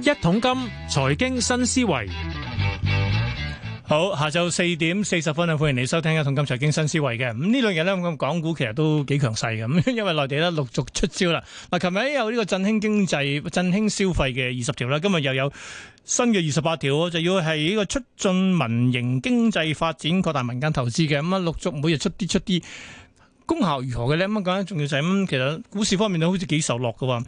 一桶金財經新思維，好，下晝四點四十分啊！歡迎你收聽一桶金財經新思維嘅。咁呢兩日呢，咧，港股其實都幾強勢嘅。咁，因為內地呢，陸續出招啦。嗱，琴日有呢個振興經濟、振興消費嘅二十條啦，今日又有新嘅二十八條，就要係呢個促進民營經濟發展、擴大民間投資嘅。咁啊，陸續每日出啲出啲。功效如何嘅咧？咁樣講咧，重要就係咁。其實股市方面都好似幾受落嘅。咁啊，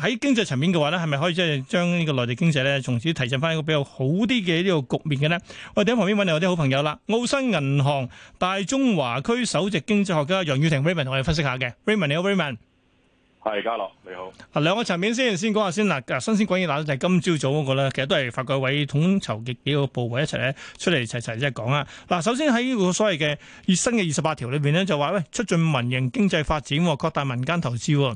喺經濟層面嘅話咧，係咪可以即係將呢個內地經濟咧，從此提振翻一個比較好啲嘅呢個局面嘅咧？我哋喺旁邊揾你，我啲好朋友啦，澳新銀行大中華區首席經濟學家楊宇霆。Raymond 同我哋分析下嘅。Raymond 你好，Raymond。Ray 大家樂你好。啊，兩個層面先，先講下先嗱。新鮮滾熱辣，但、就、係、是、今朝早嗰、那個咧，其實都係發改委統籌嘅幾個部位一齊咧出嚟齊齊即係講啊。嗱，首先喺呢個所謂嘅新嘅二十八條裏邊咧，就話咧促進民營經濟發展，擴大民間投資。咁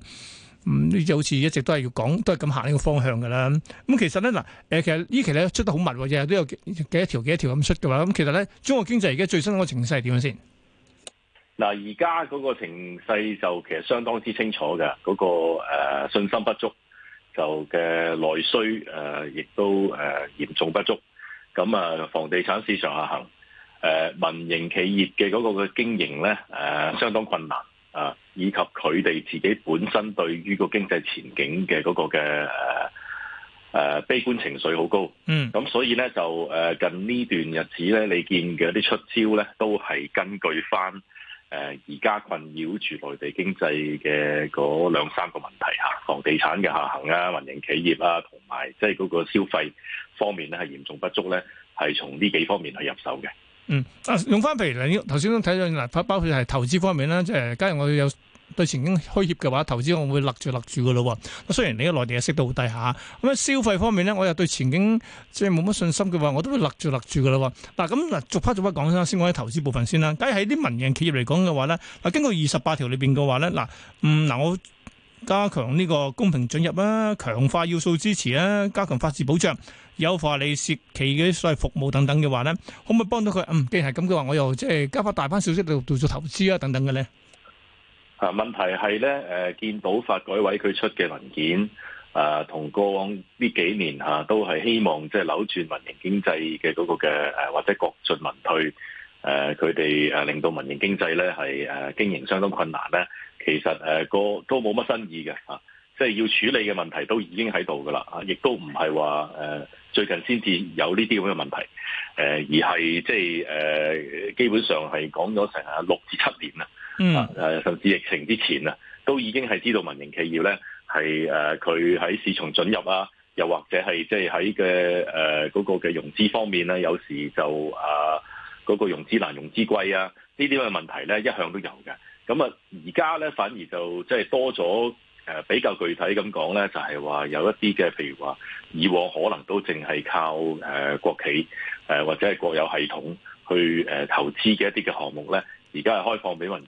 呢就好似一直都係要講，都係咁行呢個方向噶啦。咁其實咧嗱，誒，其實呢其實期咧出得好密，日日都有幾多條幾多條咁出噶嘛。咁、嗯、其實咧，中國經濟而家最新嗰個情勢係點樣先？嗱，而家嗰個情勢就其實相當之清楚嘅，嗰、嗰個、呃、信心不足，就嘅內需誒亦、呃、都誒、呃、嚴重不足。咁、呃、啊，房地產市場下行，誒、呃、民營企業嘅嗰個嘅經營咧誒、呃、相當困難啊，以及佢哋自己本身對於個經濟前景嘅嗰個嘅誒誒悲觀情緒好高。嗯，咁所以咧就誒近呢段日子咧，你見嘅啲出招咧都係根據返。誒而家困擾住內地經濟嘅嗰兩三個問題嚇，房地產嘅下行啊，民營企業啊，同埋即係嗰個消費方面咧係嚴重不足咧，係從呢幾方面去入手嘅。嗯，啊，用翻譬如頭先都睇咗，嗱，包括係投資方面啦，即係今日我哋有。對前景虛怯嘅話，投資我會勒住勒住嘅咯喎。雖然你喺內地息低到好低下，咁樣消費方面咧，我又對前景即係冇乜信心嘅話，我都會勒住勒住嘅咯喎。嗱咁嗱，逐 part 逐 part 講先講喺投資部分先啦。假如喺啲民營企業嚟講嘅話咧，嗱經過二十八條裏邊嘅話咧，嗱嗯嗱我加強呢個公平進入啦，強化要素支持啦，加強法治保障，優化你涉企嘅所謂服務等等嘅話咧，可唔可以幫到佢？嗯，既然係咁嘅話，我又即係加翻大班小息度做投資啊，等等嘅咧。啊！問題係咧，誒見到發改委佢出嘅文件，啊，同過往呢幾年嚇、啊、都係希望即係扭轉民營經濟嘅嗰個嘅誒，或者國進民退，誒佢哋誒令到民營經濟咧係誒經營相當困難咧。其實誒個、啊、都冇乜新意嘅嚇，即、啊、係、就是、要處理嘅問題都已經喺度㗎喇，亦、啊、都唔係話誒最近先至有呢啲咁嘅問題。誒而係即係誒基本上係講咗成啊六至七年啦，嗯、啊甚至疫情之前啊，都已經係知道民營企業咧係誒佢喺市場准入啊，又或者係即係喺嘅誒嗰個嘅融資方面咧、啊，有時就啊嗰、呃嗰個融資難、融資貴啊，呢啲嘅問題咧一向都有嘅。咁啊而家咧反而就即係多咗。誒比較具體咁講咧，就係話有一啲嘅，譬如話以往可能都淨係靠誒國企誒或者係國有系統去誒投資嘅一啲嘅項目咧，而家係開放俾民營誒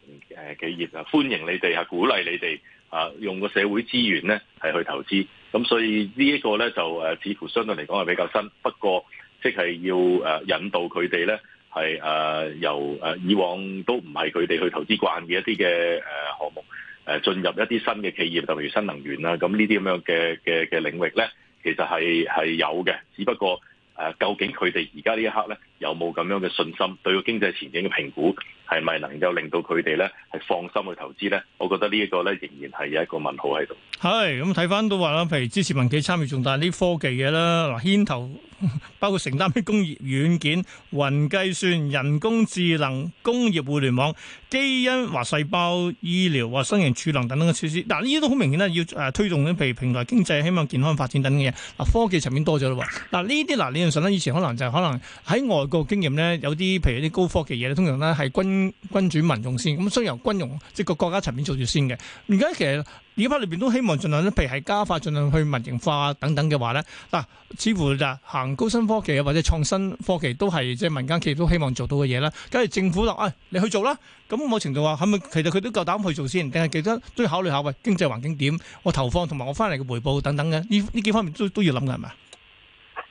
企業啊，歡迎你哋，係鼓勵你哋啊用個社會資源咧係去投資。咁所以呢一個咧就誒似乎相對嚟講係比較新，不過即係要誒引導佢哋咧係誒由誒以往都唔係佢哋去投資慣嘅一啲嘅誒項目。誒進入一啲新嘅企業，特別新能源啦，咁呢啲咁樣嘅嘅嘅領域呢，其實係係有嘅，只不過誒究竟佢哋而家呢一刻呢，有冇咁樣嘅信心，對個經濟前景嘅評估，係咪能夠令到佢哋呢係放心去投資呢？我覺得呢一個呢，仍然係有一個問號喺度。係咁睇翻都話啦，譬如支持民企參與重大啲科技嘅啦，嗱牽頭。 包括承擔啲工業軟件、雲計算、人工智能、工業互聯網、基因或細胞醫療或新型儲能等等嘅設施。嗱、啊，呢啲都好明顯啦，要誒推動啲譬如平台經濟、希望健康發展等等嘅嘢。啊，科技層面多咗咯。嗱、啊，呢啲嗱理論上咧，以前可能就係可能喺外國經驗咧，有啲譬如啲高科技嘢咧，通常咧係軍軍轉民用先。咁所以由軍用即係個國家層面做住先嘅，而家其實。呢一 part 裏邊都希望盡量咧，譬如係加快盡量去民營化等等嘅話咧，嗱、啊，似乎就行高新科技啊，或者創新科技都係即係民間企業都希望做到嘅嘢啦。咁如果政府就哎，你去做啦，咁某程度話係咪？是是其實佢都夠膽去做先，定係其他都要考慮下喂、哎，經濟環境點？我投放同埋我翻嚟嘅回報等等嘅，呢呢幾方面都都要諗嘅係嘛？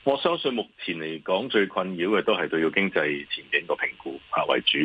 我相信目前嚟講最困擾嘅都係對個經濟前景個評估啊為主。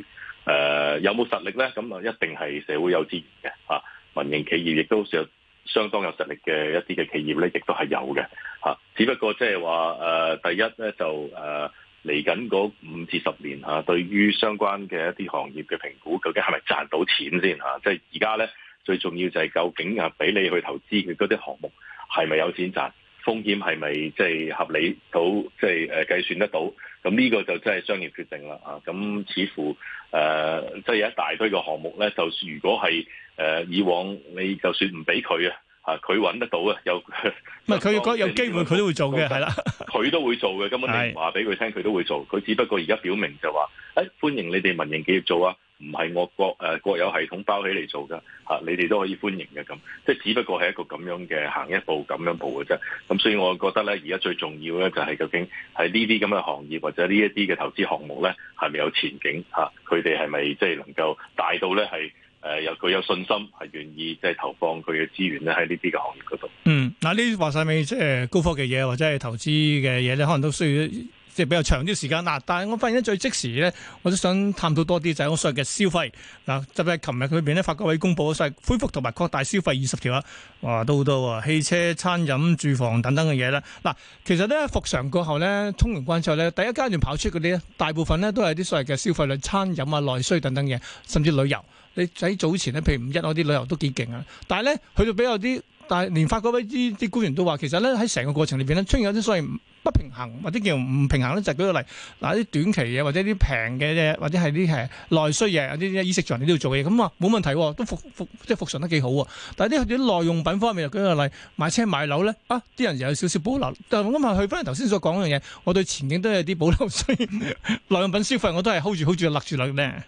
誒、呃，有冇實力咧？咁啊，一定係社會有資源嘅啊。民營企業亦都有相當有實力嘅一啲嘅企業咧，亦都係有嘅嚇。只不過即係話誒，第一咧就誒嚟緊嗰五至十年嚇、啊，對於相關嘅一啲行業嘅評估，究竟係咪賺到錢先嚇？即係而家咧，最重要就係究竟啊，俾你去投資嘅嗰啲項目係咪有錢賺？風險係咪即係合理到即係誒計算得到？咁呢個就真係商業決定啦嚇。咁、啊、似乎誒，即、呃、係、即係、有一大堆嘅項目咧，就、如果係誒、呃、以往你就算唔俾佢啊，嚇佢揾得到啊，又唔係佢覺得有機會佢都會做嘅，係啦，佢都會做嘅，根本你唔話俾佢聽，佢都會做，佢只不過而家表明就話誒、哎、歡迎你哋民營企業做啊，唔係我國誒、呃、國有系統包起嚟做㗎嚇、啊，你哋都可以歡迎嘅，咁，即係只不過係一個咁樣嘅行一步咁樣步嘅啫。咁所以我覺得咧，而家最重要咧就係究竟係呢啲咁嘅行業或者呢一啲嘅投資項目咧係咪有前景嚇？佢哋係咪即係能夠大到咧係？誒，有佢有信心，係願意即係投放佢嘅資源咧，喺呢啲嘅行業嗰度。嗯，嗱，呢啲話晒咪即係高科技嘢，或者係投資嘅嘢咧，可能都需要即係比較長啲時間。嗱，但係我發現咧，最即時咧，我都想探討多啲就係我所謂嘅消費嗱。特別係琴日佢邊咧，發改委公布咗就恢復同埋擴大消費二十條啊，哇，都多好多啊！汽車、餐飲、住房等等嘅嘢咧。嗱，其實咧復常過後咧，通完關之後咧，第一階段跑出嗰啲咧，大部分咧都係啲所謂嘅消費類、餐飲啊、內需等等嘢，甚至旅遊。你喺早前咧，譬如五一我啲旅遊都幾勁啊！但係咧，佢就比較啲，但係連發嗰位啲啲官員都話，其實咧喺成個過程裏邊咧，出現有啲所謂不平衡或者叫唔平衡咧，就是、舉個例，嗱啲短期嘢或者啲平嘅嘢或者係啲係內需嘢，啲衣食住行你都要做嘢咁啊，冇問題，都服復即係復常得幾好啊！但係啲啲耐用品方面又舉個例，買車買樓咧啊，啲人又有少少保留。我諗下去翻頭先所講嗰樣嘢，我對前景都有啲保留，所以 耐用品消費我都係 hold, hold, hold, hold 住 hold 住勒住勒咧。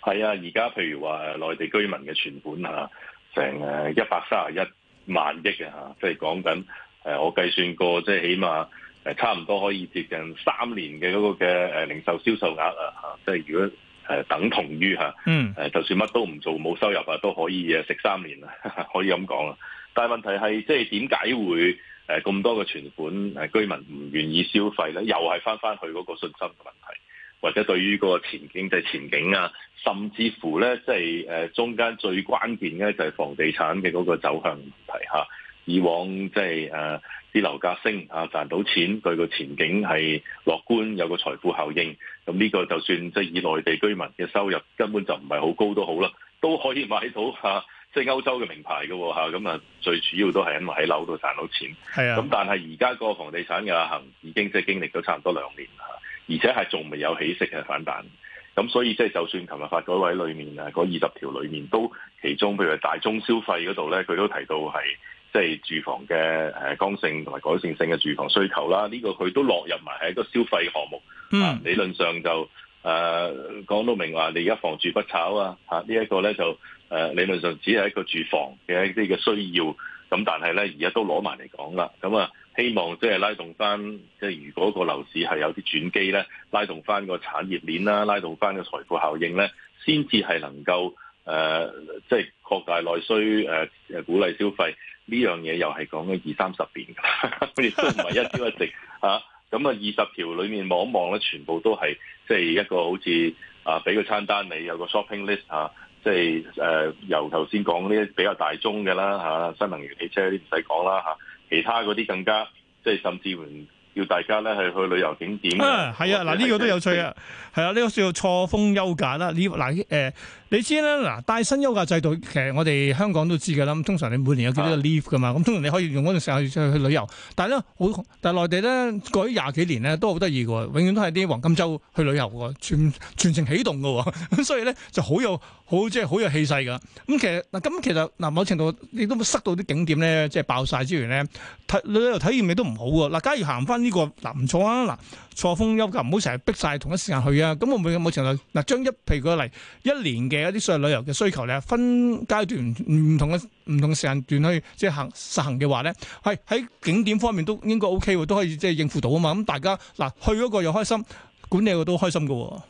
係啊，而家譬如話內地居民嘅存款啊，成誒一百三十一萬億啊，即係講緊誒，我計算過即係起碼誒差唔多可以接近三年嘅嗰個嘅誒零售銷售額啊，即係如果誒等同於吓，誒就算乜都唔做冇收入啊都可以啊食三年啊，可以咁講啊。但係問題係即係點解會誒咁多嘅存款誒居民唔願意消費咧？又係返返去嗰個信心嘅問題。或者對於嗰個前景就係前景啊，甚至乎咧，即係誒中間最關鍵咧，就係房地產嘅嗰個走向問題嚇、啊。以往即係誒啲樓價升啊賺到錢，佢個前景係樂觀，有個財富效應。咁呢個就算即係以內地居民嘅收入根本就唔係好高都好啦，都可以買到嚇即係歐洲嘅名牌嘅喎嚇。咁啊，啊，最主要都係因為喺樓度賺到錢。係啊的，咁但係而家個房地產嘅行已經即係經歷咗差唔多兩年嚇。啊啊而且係仲未有起色嘅反彈，咁所以即係就算琴日發改委裏面啊，嗰二十條裏面都其中，譬如大宗消費嗰度咧，佢都提到係即係住房嘅誒剛性同埋改善性嘅住房需求啦。呢、這個佢都落入埋係一個消費項目、mm. 呃、啊、這個呃。理論上就誒講到明話，你而家房住不炒啊，嚇呢一個咧就誒理論上只係一個住房嘅、就是、一啲嘅需要，咁但係咧而家都攞埋嚟講啦，咁啊。希望即係拉動翻，即係如果個樓市係有啲轉機咧，拉動翻個產業鏈啦，拉動翻個財富效應咧，先至係能夠誒，即、呃、係、就是、擴大內需誒誒、呃，鼓勵消費呢樣嘢又係講緊二三十年嘅，亦都唔係一朝一夕嚇。咁啊二十條裏面望一望咧，全部都係即係一個好似啊俾個餐單你有個 shopping list 嚇、啊，即係誒由頭先講呢比較大宗嘅啦嚇，新能源汽車啲唔使講啦嚇。啊其他嗰啲更加，即係甚至乎要大家咧係去旅遊景點啊，係啊，嗱呢、啊就是、個都有趣啊，係啊，呢個叫做錯峰休假啦，呢嗱誒。呃你知啦，嗱帶薪休假制度，其實我哋香港都知㗎啦。咁通常你每年有幾多個 leave 噶嘛？咁通常你可以用嗰段時間去旅遊。但係咧，好但係內地咧過咗廿幾年咧，都好得意嘅喎。永遠都係啲黃金周去旅遊喎，全全程起動嘅喎。咁所以咧就好有好即係好有氣勢嘅。咁其實嗱，咁其實嗱某程度你都塞到啲景點咧，即係爆晒之餘咧，旅遊體旅遊體驗嘅都唔好嘅。嗱，假如行翻呢個嗱唔錯啊，嗱錯峰休假唔好成日逼晒同一時間去啊。咁會唔會某程度嗱將一譬如舉個例一年嘅有一啲上旅遊嘅需求咧，分階段唔同嘅唔同時間段去即係行，行實行嘅話咧，係喺景點方面都應該 OK 喎，都可以即係應付到啊嘛。咁大家嗱去嗰個又開心，管理個都開心嘅。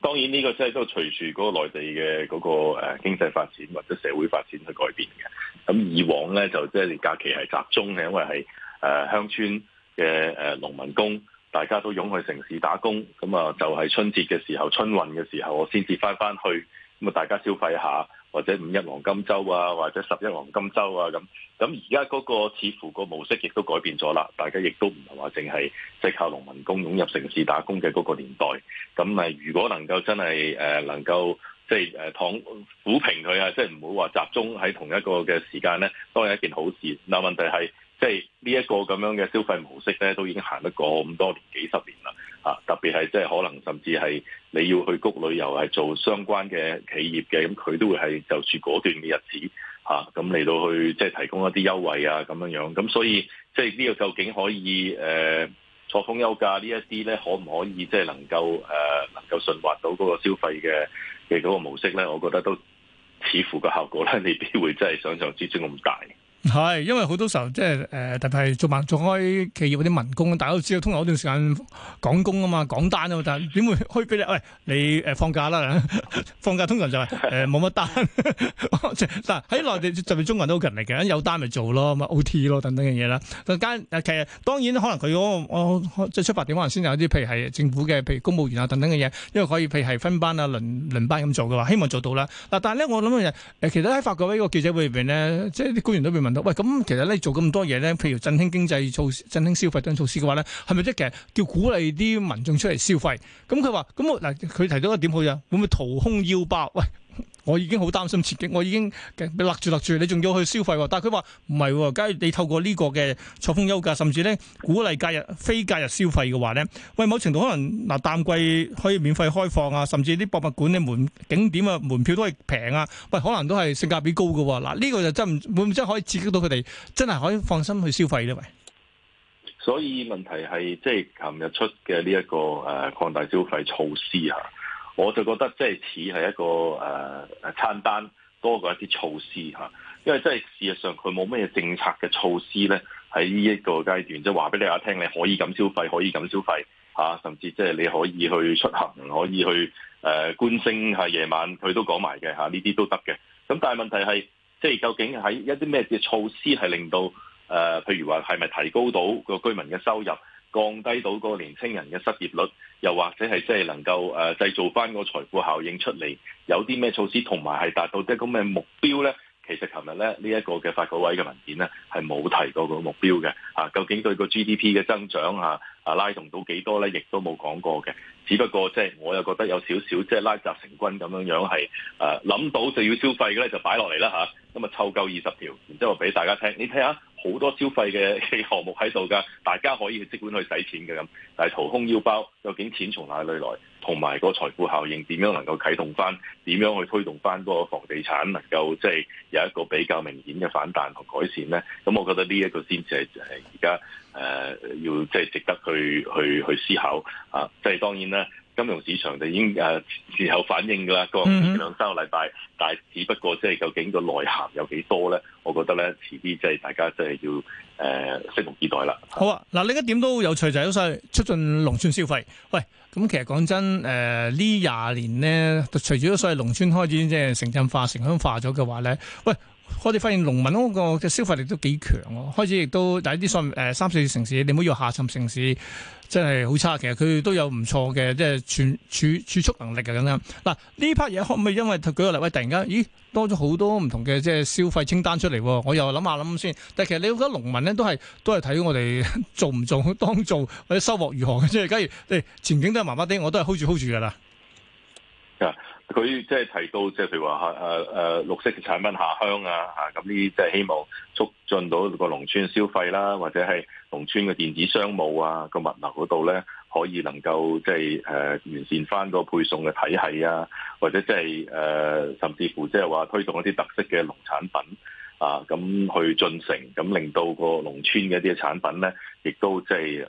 當然呢個真係都隨住嗰個內地嘅嗰個誒經濟發展或者社會發展去改變嘅。咁以往咧就即係連假期係集中嘅，因為係誒鄉村嘅誒農民工。大家都湧去城市打工，咁啊就係春節嘅時候，春運嘅時候，我先至翻翻去，咁啊大家消費下，或者五一黃金周啊，或者十一黃金周啊咁。咁而家嗰個似乎個模式亦都改變咗啦，大家亦都唔係話淨係即靠農民工湧入城市打工嘅嗰個年代。咁啊，如果能夠真係誒、呃、能夠即係誒躺撫平佢啊，即係唔好話集中喺同一個嘅時間咧，都係一件好事。嗱，問題係。即係呢一個咁樣嘅消費模式咧，都已經行得過咁多年幾十年啦，啊！特別係即係可能甚至係你要去谷旅遊係做相關嘅企業嘅，咁、嗯、佢都會係就住嗰段嘅日子嚇，咁、啊、嚟、嗯、到去即係提供一啲優惠啊，咁樣樣咁、啊，所以即係呢、這個究竟可以誒、呃、錯峰休假呢一啲咧，可唔可以即係能夠誒、呃、能夠順滑到嗰個消費嘅嘅嗰個模式咧？我覺得都似乎個效果咧，未必會真係想象之中咁大。係，因為好多時候即係誒，特別係做辦做開企業嗰啲民工，大家都知道，通常嗰段時間趕工啊嘛，趕單啊嘛，但點會開俾你？喂，你誒、呃、放假啦呵呵，放假通常就係誒冇乜單，即嗱喺內地特別中國人都好勤力嘅，有單咪做咯，咁 O T 咯等等嘅嘢啦。間其實當然可能佢嗰個即係出發點可能先有啲，譬如係政府嘅，譬如公務員啊等等嘅嘢，因為可以譬如係分班啊、輪輪班咁做嘅話，希望做到啦。嗱，但係咧，我諗其實喺法國呢個記者會入邊咧，即係啲官員都未問。喂，咁其實咧做咁多嘢咧，譬如振興經濟措施、振興消費等措施嘅話咧，係咪即係其實叫鼓勵啲民眾出嚟消費？咁佢話，咁嗱佢提到一個點好，好似會唔會掏空腰包？喂！我已經好擔心刺激，我已經勒住勒住，你仲要去消費喎？但係佢話唔係，假如你透過呢個嘅錯峰休假，甚至呢鼓勵假日、非假日消費嘅話呢，喂，某程度可能嗱、呃、淡季可以免費開放啊，甚至啲博物館嘅門景點啊門票都係平啊，喂，可能都係性價比高嘅，嗱、呃、呢、這個就真會唔會真係可以刺激到佢哋，真係可以放心去消費咧？喂，所以問題係即係琴日出嘅呢一個誒擴大消費措施吓。我就覺得即係似係一個誒誒、呃、餐單多過一啲措施嚇、啊，因為即係事實上佢冇咩政策嘅措施咧，喺呢一個階段，即係話俾你阿聽，你可以咁消費，可以咁消費嚇、啊，甚至即係你可以去出行，可以去誒、呃、觀星，係、啊、夜晚佢都講埋嘅嚇，呢、啊、啲都得嘅。咁、啊、但係問題係即係究竟喺一啲咩嘅措施係令到誒，譬、呃、如話係咪提高到個居民嘅收入？降低到個年青人嘅失業率，又或者係即係能夠誒製造翻個財富效應出嚟，有啲咩措施同埋係達到啲咁嘅目標咧？其實琴日咧呢一個嘅發改委嘅文件咧係冇提過個目標嘅，啊，究竟對個 GDP 嘅增長嚇、啊拉動到幾多咧，亦都冇講過嘅。只不過即係我又覺得有少少即係拉雜成軍咁樣樣係誒諗到就要消費嘅咧就擺落嚟啦吓，咁、啊湊夠二十條，然之後俾大家聽，你睇下。好多消費嘅項目喺度㗎，大家可以即管去使錢㗎咁，但係掏空腰包，究竟錢從哪裏來？同埋個財富效應點樣能夠啟動翻？點樣去推動翻嗰個房地產能夠即係、就是、有一個比較明顯嘅反彈同改善咧？咁我覺得呢一個先至係係而家誒要即係、就是、值得去去去思考啊！即、就、係、是、當然啦。金融市場就已經誒有、啊、反應㗎啦，個兩三個禮拜，嗯、但係只不過即係究竟個內涵有幾多咧？我覺得咧遲啲即係大家即係要誒、呃、拭目以待啦。好啊，嗱，另一點都有趣就係都係促進農村消費。喂，咁其實講真誒，呃、呢廿年咧，除咗所謂農村發展即係城鎮化、城鄉化咗嘅話咧，喂。我哋發現農民嗰個嘅消費力都幾強喎，開始亦都但係啲所誒三四線城市，你唔好以為下沉城市真係好差，其實佢都有唔錯嘅，即係存儲儲，儲蓄能力㗎咁樣。嗱呢 part 嘢可唔可以？因為舉個例喂，突然間咦多咗好多唔同嘅即係消費清單出嚟，我又諗下諗先。但係其實你覺得農民咧都係都係睇我哋做唔做當做或者收穫如何嘅，即係假如誒前景都係麻麻地，我都係 hold 住 hold 住噶啦。佢即係提到，即係譬如話嚇誒誒綠色嘅產品下鄉啊嚇，咁呢啲即係希望促進到個農村消費啦，或者係農村嘅電子商務啊，個物流嗰度咧，可以能夠即係誒完善翻個配送嘅體系啊，或者即係誒甚至乎即係話推動一啲特色嘅農產品。啊，咁去進城，咁令到個農村嘅一啲產品咧，亦都即係誒誒，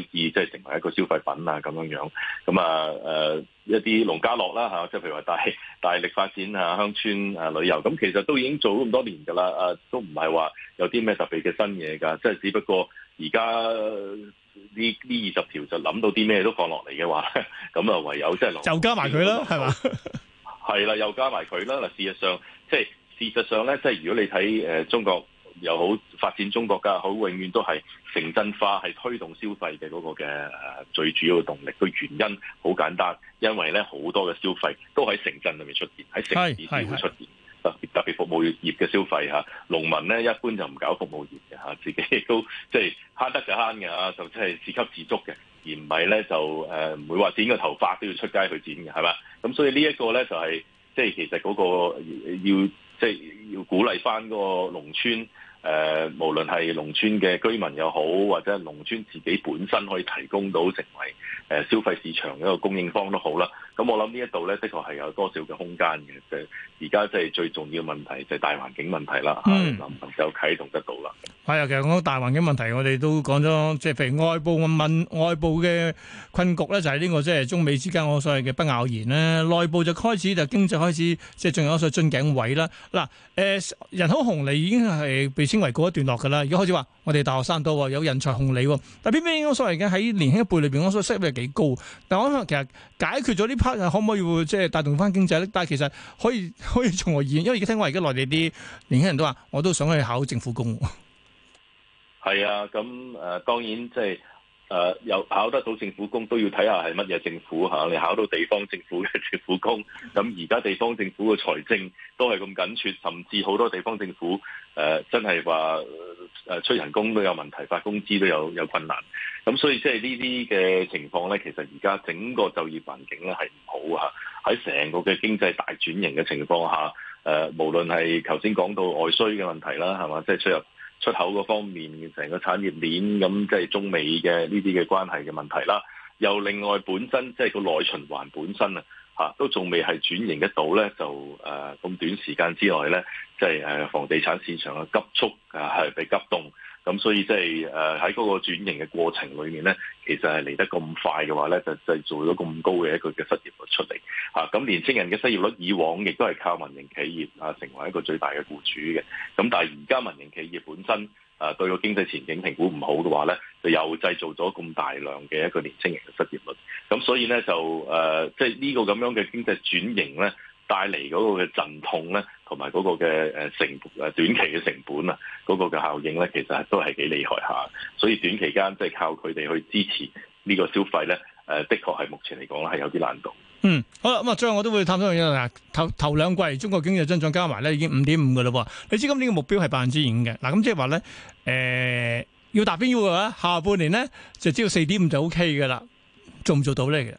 可以即係成為一個消費品啊，咁樣樣。咁啊誒，一啲農家樂啦嚇，即、啊、係譬如話大大力發展啊，鄉村啊旅遊。咁、呃、其實都已經做咗咁多年㗎啦，誒、啊、都唔係話有啲咩特別嘅新嘢㗎，即係只不過而家呢呢二十條就諗到啲咩都放落嚟嘅話，咁啊唯有即係就加埋佢啦，係嘛？係啦，又加埋佢啦。嗱，事實上即係。即係事實上咧，即係如果你睇誒中國又好發展中國家好，永遠都係城鎮化係推動消費嘅嗰個嘅誒最主要嘅動力。個原因好簡單，因為咧好多嘅消費都喺城鎮裏面出現，喺城市先會出現啊。特別特別服務業嘅消費嚇，農民咧一般就唔搞服務業嘅嚇，自己亦都即係慳得就慳嘅嚇，就即係自給自足嘅，而唔係咧就誒唔會話剪個頭髮都要出街去剪嘅係嘛？咁所以呢一個咧就係即係其實嗰個要。即係要鼓勵翻嗰個農村。誒、呃，無論係農村嘅居民又好，或者係農村自己本身可以提供到成為誒、呃、消費市場嘅一個供應方都好啦。咁、嗯、我諗呢一度咧，的確係有多少嘅空間嘅。即係而家即係最重要問題就係大環境問題啦，嗯、啊能否啟動得到啦？係啊、嗯嗯，其實講大環境問題，我哋都講咗，即係譬如外部嘅困外部嘅困局咧，就係、是、呢個即係中美之間我所謂嘅不咬弦咧。內部就開始就經濟開始即係仲有一所樽頸位啦。嗱，誒人口紅利已經係稱為告一段落噶啦，而家開始話我哋大學生多，有人才紅利、哦，但偏偏應該所謂嘅喺年輕一輩裏邊，我所 expect 係幾高，但我想其實解決咗呢 part 可唔可以會即係帶動翻經濟咧？但係其實可以可以從何而？因為而家聽講而家內地啲年輕人都話，我都想去考政府工、哦。係啊，咁誒、呃，當然即、就、係、是。誒又考得到政府工都要睇下係乜嘢政府吓？你考到地方政府嘅政府工，咁而家地方政府嘅財政都係咁緊缺，甚至好多地方政府誒、呃、真係話誒出人工都有問題，發工資都有有困難，咁所以即係呢啲嘅情況咧，其實而家整個就業環境咧係唔好吓，喺成個嘅經濟大轉型嘅情況下，誒、呃，無論係頭先講到外需嘅問題啦，係嘛，即係出入。出口嗰方面，成個產業鏈咁，即係中美嘅呢啲嘅關係嘅問題啦。又另外本身即係個內循環本身啊，嚇都仲未係轉型得到咧，就誒咁、啊、短時間之內咧，即係誒房地產市場嘅急速啊，係被急凍。咁所以即係誒喺嗰個轉型嘅過程裏面咧，其實係嚟得咁快嘅話咧，就製造咗咁高嘅一個嘅失業率出嚟嚇。咁、啊、年輕人嘅失業率以往亦都係靠民營企業啊成為一個最大嘅僱主嘅。咁、啊、但係而家民營企業本身啊對個經濟前景評估唔好嘅話咧，就又製造咗咁大量嘅一個年輕人嘅失業率。咁所以咧就誒即係呢個咁樣嘅經濟轉型咧。帶嚟嗰個嘅陣痛咧，同埋嗰個嘅誒成誒短期嘅成本啊，嗰、那個嘅效應咧，其實都係幾厲害吓。所以短期間即係、就是、靠佢哋去支持呢個消費咧，誒的確係目前嚟講咧係有啲難度。嗯，好啦咁啊，最後我都會探多樣嘢啦。頭頭兩季中國經濟增長加埋咧已經五點五㗎喇喎。你知今年嘅目標係百分之五嘅，嗱咁即係話咧誒要達標要嘅話，下半年咧就只要四點五就 O K 㗎喇。做唔做到呢？咧？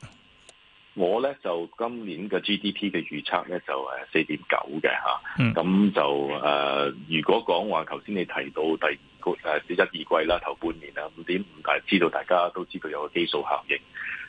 我咧就今年嘅 GDP 嘅預測咧就誒四點九嘅嚇，咁、mm. 就誒、呃、如果講話頭先你提到第二個誒一二季啦，頭半年啊五點五，但係知道大家都知道有個基數效應，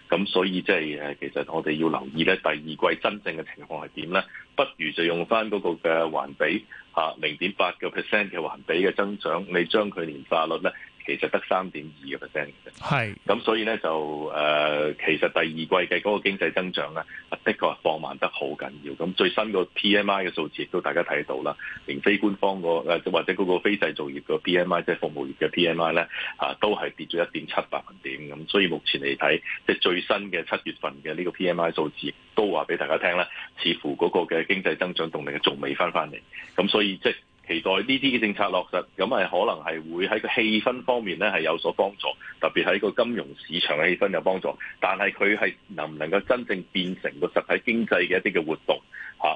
咁所以即係誒其實我哋要留意咧第二季真正嘅情況係點咧，不如就用翻嗰個嘅環比嚇零點八個 percent 嘅環比嘅增長，你將佢年化率咧。其實得三點二嘅 percent 嘅，係咁是所以咧就誒、呃，其實第二季嘅嗰個經濟增長咧，啊的確放慢得好緊要。咁最新個 PMI 嘅數字都大家睇到啦，零非官方個或者嗰個非製造業個 PMI，即係服務業嘅 PMI 咧，啊都係跌咗一點七百分點咁。所以目前嚟睇，即係最新嘅七月份嘅呢個 PMI 數字，都話俾大家聽啦，似乎嗰個嘅經濟增長動力仲未返返嚟。咁所以即係。期待呢啲嘅政策落實，咁係可能係會喺個氣氛方面咧係有所幫助，特別喺個金融市場嘅氣氛有幫助。但係佢係能唔能夠真正變成個實體經濟嘅一啲嘅活動，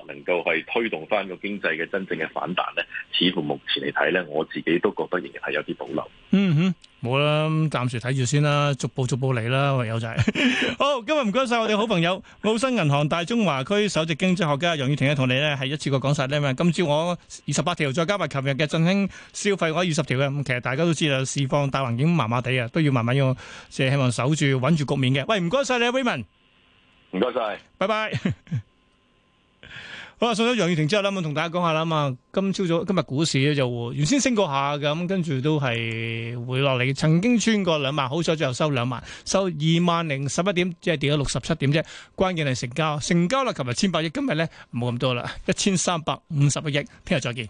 能夠去推動翻個經濟嘅真正嘅反彈咧，似乎目前嚟睇咧，我自己都覺得仍然係有啲保留。嗯哼，冇、嗯、啦，暫時睇住先啦，逐步逐步嚟啦，唯有就係。 好，今日唔該晒我哋好朋友 澳新銀行大中華區首席經濟學家楊宇霆咧，同你咧係一次過講曬咧。今朝我二十八條，再加埋琴日嘅振興消費我，我二十條嘅。咁其實大家都知道，市況大環境麻麻地啊，都要慢慢用，成日希望守住穩住局面嘅。喂，唔該晒你，Raymond。唔該晒，拜拜。好啦，上咗楊宇霆之後啦，咁同大家講下啦嘛。今朝早今日股市咧就原先升過下咁，跟住都係回落嚟。曾經穿過兩萬，好彩最後收兩萬，收二萬零十一點，即係跌咗六十七點啫。關鍵係成交，成交啦，琴日千百億，今日咧冇咁多啦，一千三百五十億。聽日再見。